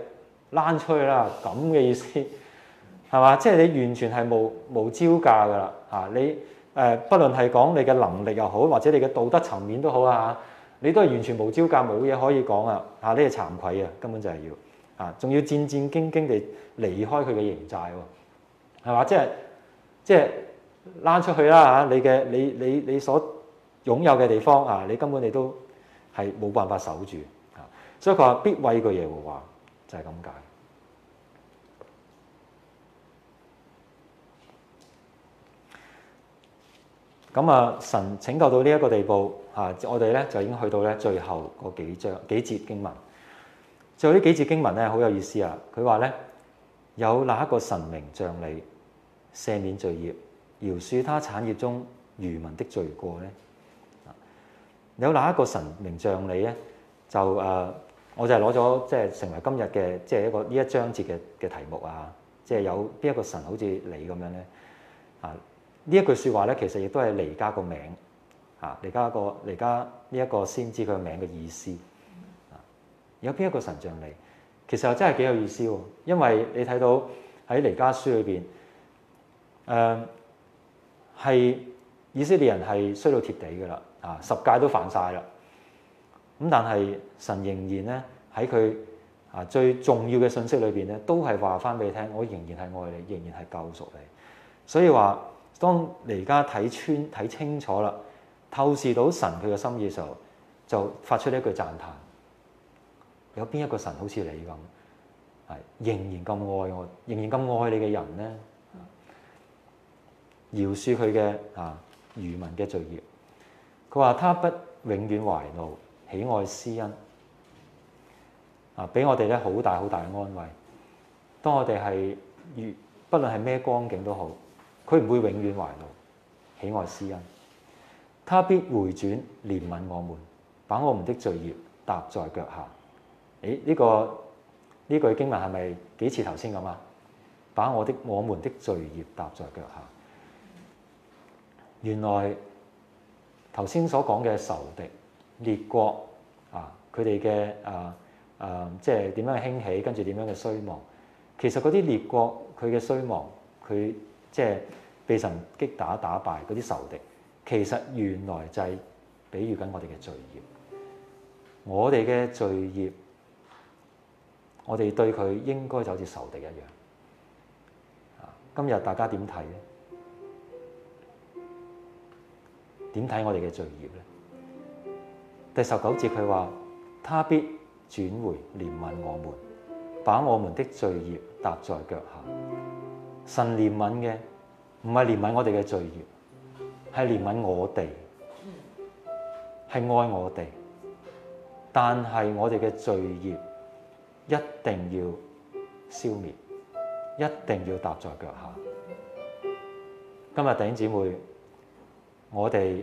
Speaker 1: 躝出去啦，咁嘅意思。啊就是係嘛？即係你完全係冇無，無招架㗎啦嚇！你誒，不、呃、論係講你嘅能力又好，或者你嘅道德層面都好啊嚇，你都係完全冇招架、冇嘢可以講啊嚇！呢、啊、係慚愧啊，根本就係要嚇，仲、啊、要戰戰兢兢地離開佢嘅營寨喎，嘛、啊？即係即係攤出去啦嚇、啊！你嘅你你你所擁有嘅地方啊，你根本你都係冇辦法守住啊，所以佢話必為、啊就是、個嘢話就係咁解。咁啊，神拯救到呢一個地步，嚇！我哋咧就已經去到咧最後嗰幾章幾節經文。最後呢幾節經文咧好有意思啊！佢話咧：有哪一個神明像你，赦免罪孽，饒恕他產業中餘民的罪過咧？有哪一個神明像你咧？就誒，我就係攞咗即係成為今日嘅即係一個呢一章節嘅嘅題目啊！即係有邊一個神好似你咁樣咧？啊！呢一句説話咧，其實亦都係彌迦個名，嚇，彌迦個彌迦呢一個先知佢個名嘅意思。嗯、有邊一個神像嚟？其實真係幾有意思喎，因為你睇到喺彌迦書裏邊，誒係以色列人係衰到貼地噶啦，啊，十戒都犯晒啦。咁但係神仍然咧喺佢啊最重要嘅信息裏邊咧，都係話翻俾你聽，我仍然係愛你，仍然係救贖你，所以話。當你而家睇穿、睇清楚啦，透視到神佢嘅心意嘅時候，就發出呢一句讚歎：有邊一個神好似你咁，係仍然咁愛我，仍然咁愛你嘅人呢？饒、嗯、恕佢嘅啊，餘民嘅罪孽。佢話：他不永遠懷怒，喜愛施恩啊！俾我哋咧好大好大嘅安慰。當我哋係越，不論係咩光景都好。佢唔會永遠懷怒，喜愛施恩，他必回轉憐憫我們，把我們的罪孽踏在腳下。誒，呢個呢句經文係咪幾似頭先咁啊？把我的、我們的罪孽踏在腳下。原來頭先所講嘅仇敵、列國啊，佢哋嘅誒誒，即係點樣興起，跟住點樣嘅衰亡。其實嗰啲列國佢嘅衰亡，佢。即係被神擊打打敗嗰啲仇敵，其實原來就係比喻緊我哋嘅罪孽。我哋嘅罪孽，我哋對佢應該就好似仇敵一樣。今日大家點睇呢？點睇我哋嘅罪孽呢？第十九節佢話：他必轉回憐憫我們，把我們的罪孽踏在腳下。神憐憫嘅，唔係憐憫我哋嘅罪孽，係憐憫我哋，係愛我哋。但係我哋嘅罪孽一定要消滅，一定要踏在腳下。今日弟兄姊妹，我哋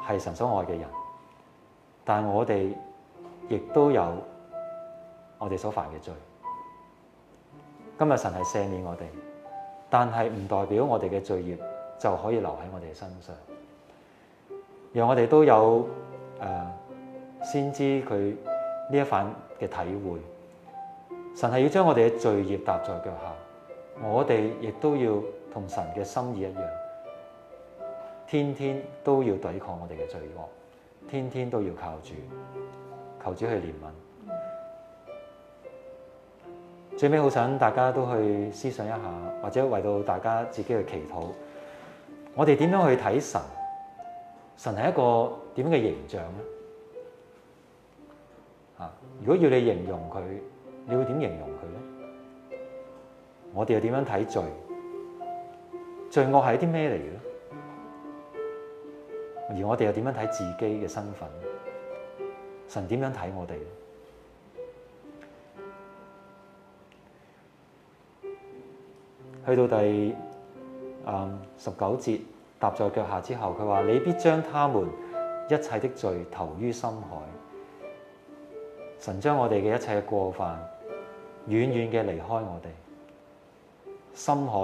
Speaker 1: 係神所愛嘅人，但係我哋亦都有我哋所犯嘅罪。今日神係赦免我哋。但係唔代表我哋嘅罪孽就可以留喺我哋身上，讓我哋都有誒、呃、先知佢呢一番嘅體會。神係要將我哋嘅罪孽踏在腳下，我哋亦都要同神嘅心意一樣，天天都要抵抗我哋嘅罪惡，天天都要靠住求主去憐憫。最尾好想大家都去思想一下，或者為到大家自己去祈禱。我哋點樣去睇神？神係一個點樣嘅形象咧？啊！如果要你形容佢，你會點形容佢咧？我哋又點樣睇罪？罪惡係啲咩嚟嘅？而我哋又點樣睇自己嘅身份？神點樣睇我哋？去到第、嗯、十九節踏在腳下之後，佢話：你必將他們一切的罪投於深海。神將我哋嘅一切的過犯遠遠嘅離開我哋。深海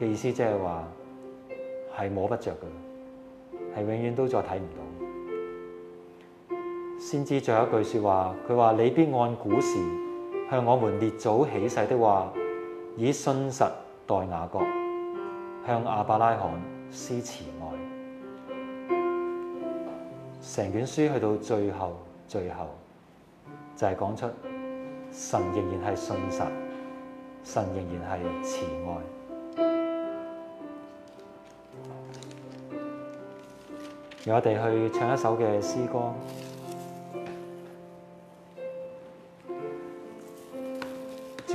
Speaker 1: 嘅意思即係話係摸不着嘅，係永遠都再睇唔到。先知最後一句説話，佢話：你必按古時向我們列祖起誓的話，以信實。代雅各向亞伯拉罕施慈愛，成卷書去到最後最後，就係、是、講出神仍然係信實，神仍然係慈愛。我哋去唱一首嘅詩歌，主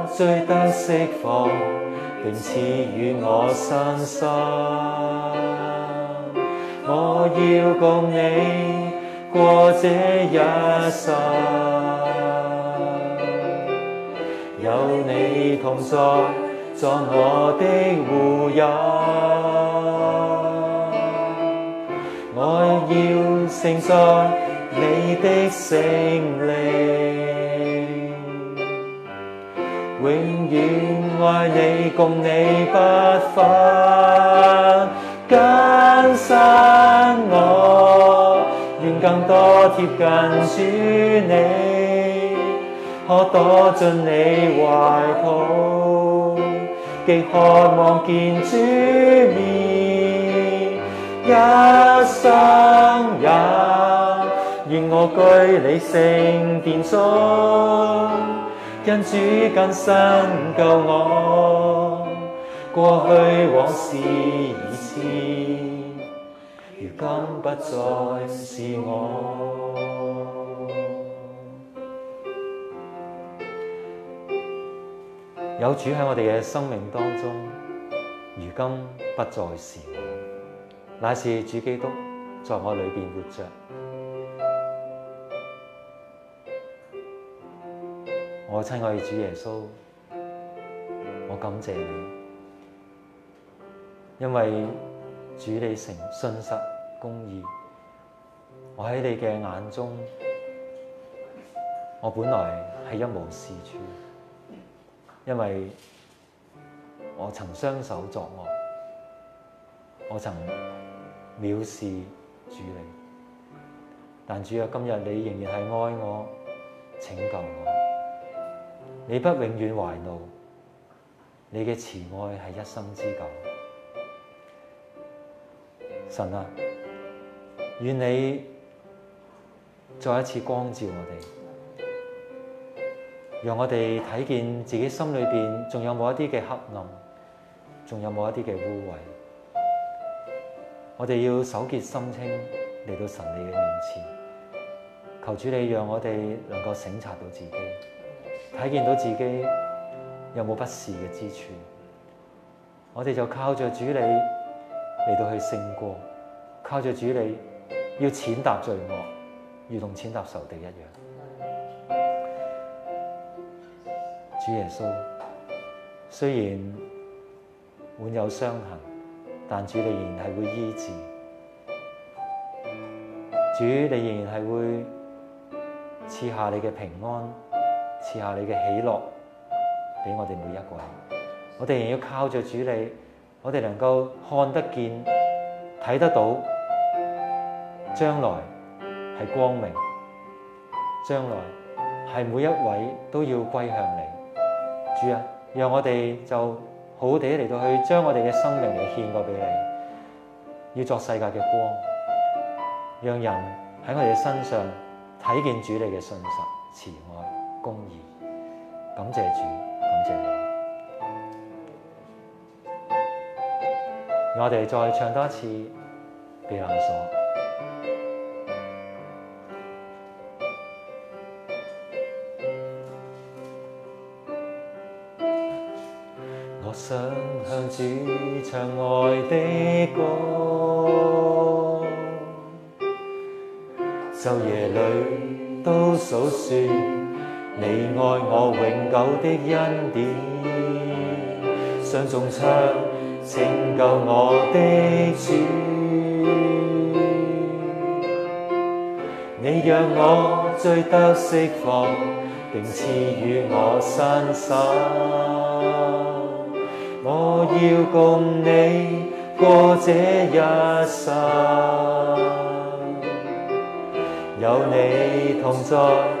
Speaker 2: 罪得釋放，並賜予我信心。我要共你過這一
Speaker 3: 生，
Speaker 2: 有你同在，做我的護
Speaker 3: 蔭。
Speaker 2: 我要承載你的勝利。愛你共你，不分今生。我願更多貼近主，你可躲進你懷抱，極渴望見主面，一生也願我居你聖殿中。因主更生舊我，過去往事已知。如今不再是我。
Speaker 1: 有主喺我哋嘅生命當中，如今不再是我，乃是主基督在我裏面活着。我親愛主耶穌，我感謝你，因為主你誠信實公義，我喺你嘅眼中，我本來係一無是處，因為我曾雙手作惡，我曾藐視主你，但主啊，今日你仍然係愛我，拯救我。你不永遠懷怒，你嘅慈愛係一生之久。神啊，願你再一次光照我哋，讓我哋睇見自己心裏邊仲有冇一啲嘅黑暗，仲有冇一啲嘅污穢。我哋要手潔心清嚟到神你嘅面前，求主你讓我哋能夠省察到自己。睇見到自己有冇不善嘅之處，我哋就靠著主你嚟到去勝過，靠著主你要踐踏罪惡，如同踐踏仇敵一樣。主耶穌雖然滿有傷痕，但主你仍然係會醫治，主你仍然係會賜下你嘅平安。賜下你嘅喜樂俾我哋每一位，我哋仍要靠着主你，我哋能夠看得見、睇得到，將來係光明，將來係每一位都要歸向你，主啊，讓我哋就好好地嚟到去將我哋嘅生命嚟獻過俾你，要作世界嘅光，讓人喺我哋嘅身上睇見主你嘅信實慈愛。公義，感謝主，感謝你。我哋再唱多次，比方所， 我想
Speaker 2: 向主唱愛的歌，晝夜裏都數算。你愛我永久的恩典，想中唱拯救我的主，你讓我罪得釋放，定賜予我新生，我要共你過這一生，有你同在。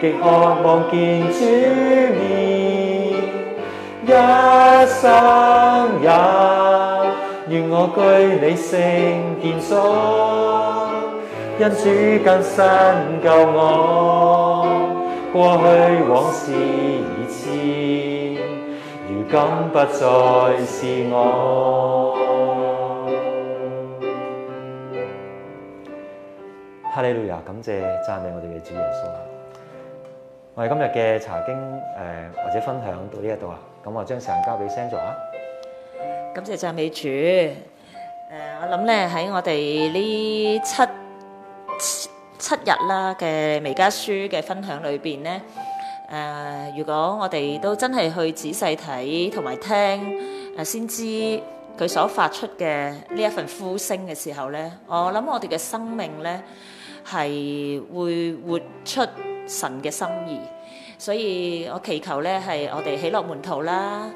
Speaker 2: 極渴望見主面，一生也願我居你聖殿所，因主更新舊我，過去往事已遷，如今不再是我。
Speaker 1: 哈利路亞，感謝讚美我哋嘅主耶穌。我哋今日嘅查經誒或者分享到呢一度啦，咁我將時間交俾 Sandra 啊，感
Speaker 4: 謝讚美主。誒，我諗咧喺我哋呢七七日啦嘅彌迦書嘅分享裏邊咧，誒，如果我哋都真係去仔細睇同埋聽誒，先知佢所發出嘅呢一份呼聲嘅時候咧，我諗我哋嘅生命咧。係會活出神嘅心意，所以我祈求咧，係我哋喜樂門徒啦，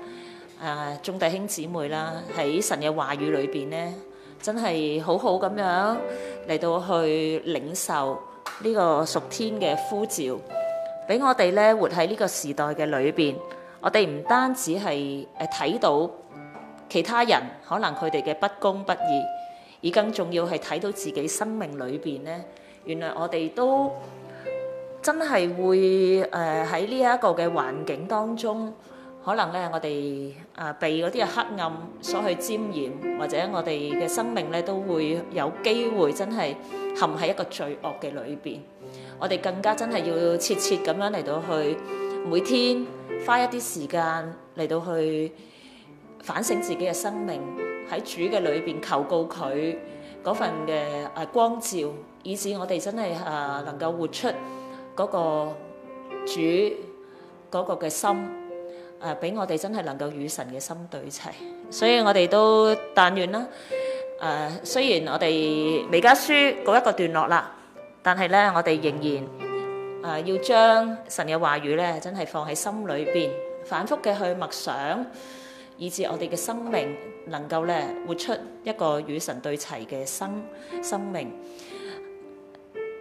Speaker 4: 誒、啊、眾弟兄姊妹啦，喺神嘅話語裏邊咧，真係好好咁樣嚟到去領受呢個屬天嘅呼召，俾我哋咧活喺呢個時代嘅裏邊。我哋唔單止係誒睇到其他人可能佢哋嘅不公不義，而更重要係睇到自己生命裏邊咧。原來我哋都真係會誒喺呢一個嘅環境當中，可能咧我哋啊被嗰啲黑暗所去沾染，或者我哋嘅生命咧都會有機會真係陷喺一個罪惡嘅裏邊。我哋更加真係要切切咁樣嚟到去，每天花一啲時間嚟到去反省自己嘅生命，喺主嘅裏邊求告佢嗰份嘅啊光照。以致我哋真係誒能夠活出嗰個主嗰個嘅心誒，俾我哋真係能夠與神嘅心對齊。所以我哋都但願啦誒。雖然我哋彌迦書嗰一個段落啦，但係咧，我哋仍然誒要將神嘅話語咧，真係放喺心裏邊，反覆嘅去默想，以致我哋嘅生命能夠咧活出一個與神對齊嘅生生命。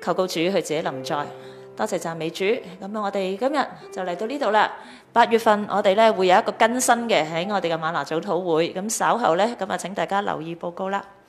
Speaker 4: 求告主佢自己臨在，多謝讚美主。咁啊，我哋今日就嚟到呢度啦。八月份我哋呢，會有一個更新嘅喺我哋嘅嗎哪早禱會。咁稍後呢，咁啊，請大家留意報告啦。